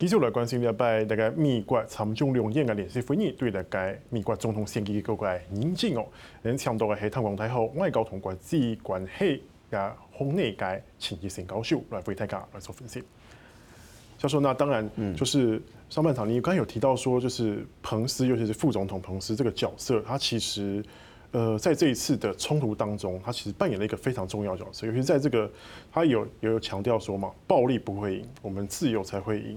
幾時嚟關心一班大概美國參眾兩院嘅聯席會議，對大概美國總統選舉嘅嗰個認證哦？你聽到嘅係淡江大學，我係外交與國際關係嘅洪內介陳一新教授嚟分析。教授，那當然，就是上半場。你剛才有提到，說，就是彭斯，尤其是副總統彭斯，這個角色，他其實呃，在這一次的衝突當中，他其實扮演了一個非常重要角色。尤其在這個，他有有強調說嘛，暴力不會贏，我們自由才會贏。